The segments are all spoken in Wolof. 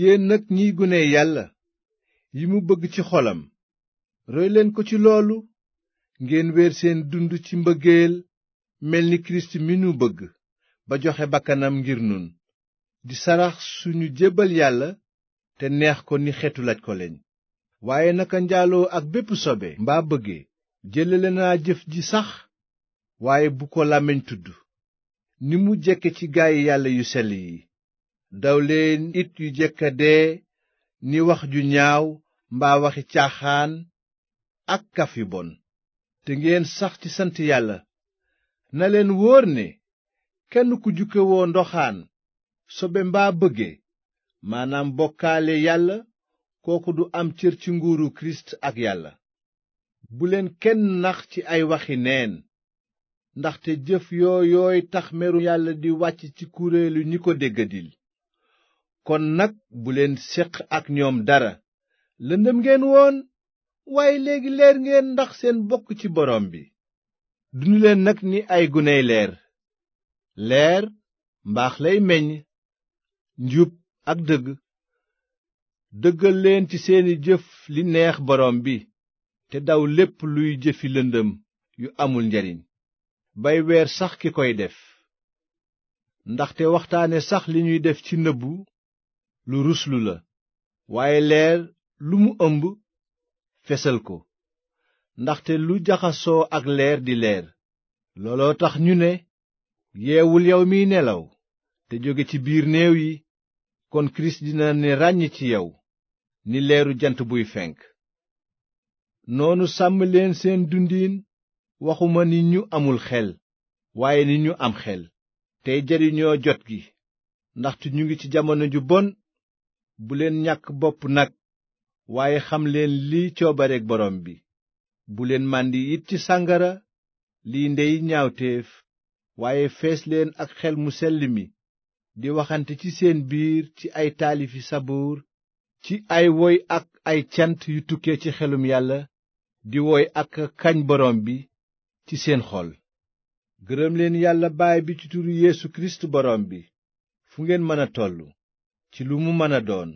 yéen nag ñiy gune yàlla yi mu bëgg ci xolam roy ko ci loolu ngeen wéer seen dund ci mbëggeel mel ni kirist mi nu bëgg ba joxe bàkkanam ngir nun di sarax suñu jébbal yàlla te neex ko ni xeetu laj ko leen waaye naka njaaloo ak bépp sobe mbaa bëgge jëlale naa jëf ji sax waaye bu ko làmmiñ tudd ni mu jekke ci gaay yàlla yu sell yi daw leen it yu jëkk dee ni wax ju ñaaw mbaa waxi caaxaan ak kaf yu bon te ngeen sax ci sant yàlla na leen wóor ne kenn ku jukke woo ndoxaan sobe mbaa bëggee maanaam bokkaale yàlla kooku du am cër ci nguuru kirist ak yàlla bu leen kenn nax ci ay waxi neen ndaxte jëf yoo yooy tax meru yàlla di wàcc ci kuréelu ñi ko déggadil kon nag buleen séq ak ñoom dara lëndëm ngeen woon waaye léegi leer ngeen ndax seen bokk ci boroom bi dund leen nag ni ay guney leer leer mbaax lay meññ njub ak dëgg dëggal leen ci seeni jëf li neex boroom bi te daw lépp luy jëfi lëndëm yu amul njariñ bay weer sax ki koy def ndaxte waxtaane sax li ñuy def ci nëbbu lu ruslu la waaye leer lu mu ëmb fesal ko ndaxte lu jaxasoo ak leer di leer looloo tax ñu ne yeewul yow miy nelaw te jóge ci biir néew yi kon kirist dina ne ràññ ci yow ni leeru jant buy fenk noonu sàmm leen seen dundiin waxuma ni ñu amul xel waaye ni ñu am xel tey jariñoo jot gi ndaxte ñu ngi ci jamono ju bon buleen ñàkk bopp nag waaye xam leen li coobareek borom bi buleen màndi it ci sàngara liy ndey ñaawteef waaye fees leen ak xel mu sell mi di waxante ci seen biir ci ay taalifi sabuur ci ay woy ak ay cant yu tukkee ci xelum yàlla di woy ak kañ borom bi ci seen xol gërëm leen yàlla baay bi ci turu Yeesu Kirist borom bi fu ngeen mën a tollu ci lu mu mën a doon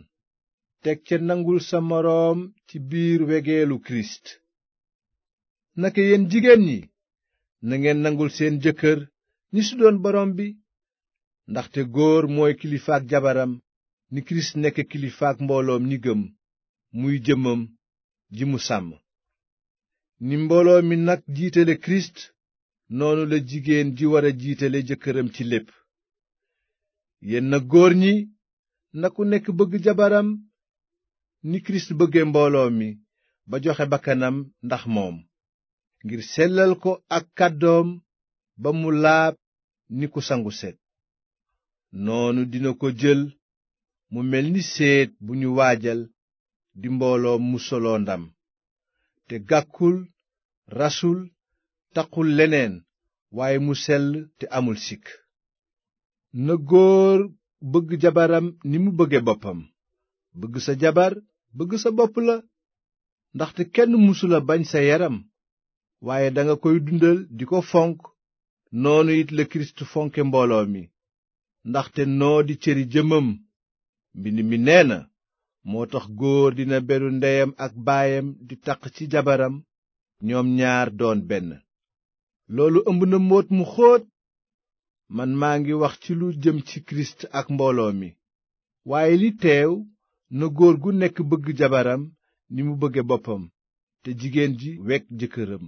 teg ca nangul sa moroom ci biir wegeelu kirist naka yéen jigéen ñi nangeen nangul seen jëkkër ñi su doon borom bi ndaxte góor mooy kilifaak jabaram ni kirist nekk kilifaak mbooloom ñi gëm muy jëmmam ji mu sàmm ni mbooloo mi nag jiitale kirist noonu la jigéen ji war a jiitale jëkkëram ci lépp yéen nag góor ñi na ku nekk bëgg jabaram ni kirist bëgge mbooloo mi ba joxe bakkanam ndax moom ngir sellal ko ak kàddoom ba mu laab ni ku sangu set noonu dina ko jël mu mel ni seet bu ñu waajal di mbooloo mu soloo ndam te gàkkul rasul taqul leneen waaye mu sell te amul sikk na bëgg jabaram ni mu bëgge boppam bëgg sa jabar bëgg sa bopp la ndaxte kenn mësula bañ sa yaram waaye danga koy dundal di ko fonk noonu it la kirist fonke mbooloo mi ndaxte noo di cëri jëmam mbind mi neena moo tax góor dina beru ndeyam ak baayam di taq ci jabaram ñoom ñaar doon benn loolu ëmb na mbóot mu xóot man maa ngi wax ci lu jëm ci kirist ak mbooloo mi waaye li teew na góor gu nekk bëgg jabaram ni mu bëgge boppam te jigéen ji wekk jëkkëram